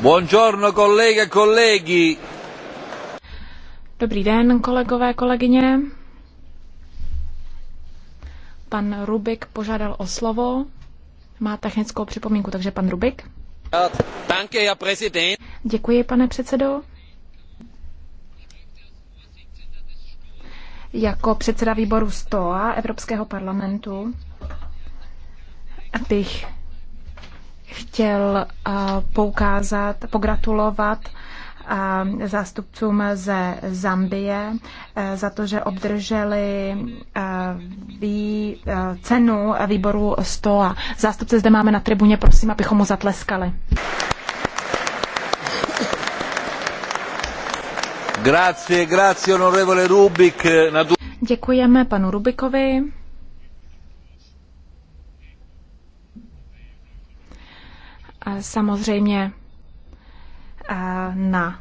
Buongiorno colleghe e colleghi. Dobrý den, kolegové, kolegyně. Pan Rubik požádal o slovo. Má technickou připomínku, takže pan Rubik. Děkuji, pane předsedo. Jako předseda výboru STOA Evropského parlamentu bych chtěl eh, poukázat, pogratulovat eh, zástupcům ze Zambie eh, za to, že obdrželi cenu výboru STOA. Zástupce zde máme na tribuně, prosím, abychom mu zatleskali. Grazie, grazie, onorevole Rubik. Děkujeme panu Rubikovi. Samozřejmě na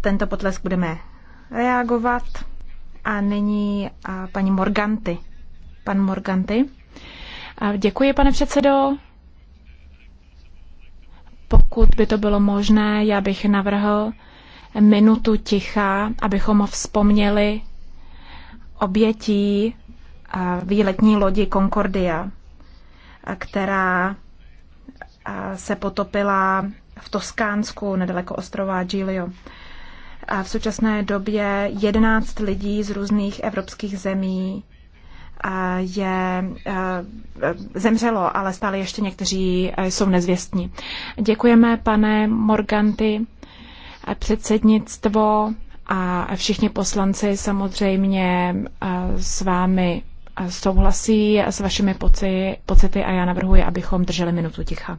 tento potlesk budeme reagovat. A nyní paní Morganty. Pan Morganty. Děkuji, pane předsedo. Pokud by to bylo možné, já bych navrhl minutu ticha, abychom vzpomněli obětí výletní lodi Concordia, která se potopila v Toskánsku, nedaleko ostrova Giglio. A v současné době 11 lidí z různých evropských zemí je, zemřelo, ale stále ještě někteří jsou nezvěstní. Děkujeme, pane Morganty, předsednictvo a všichni poslanci samozřejmě s vámi souhlasí s vašimi poci, pocity a já navrhuji, abychom drželi minutu ticha.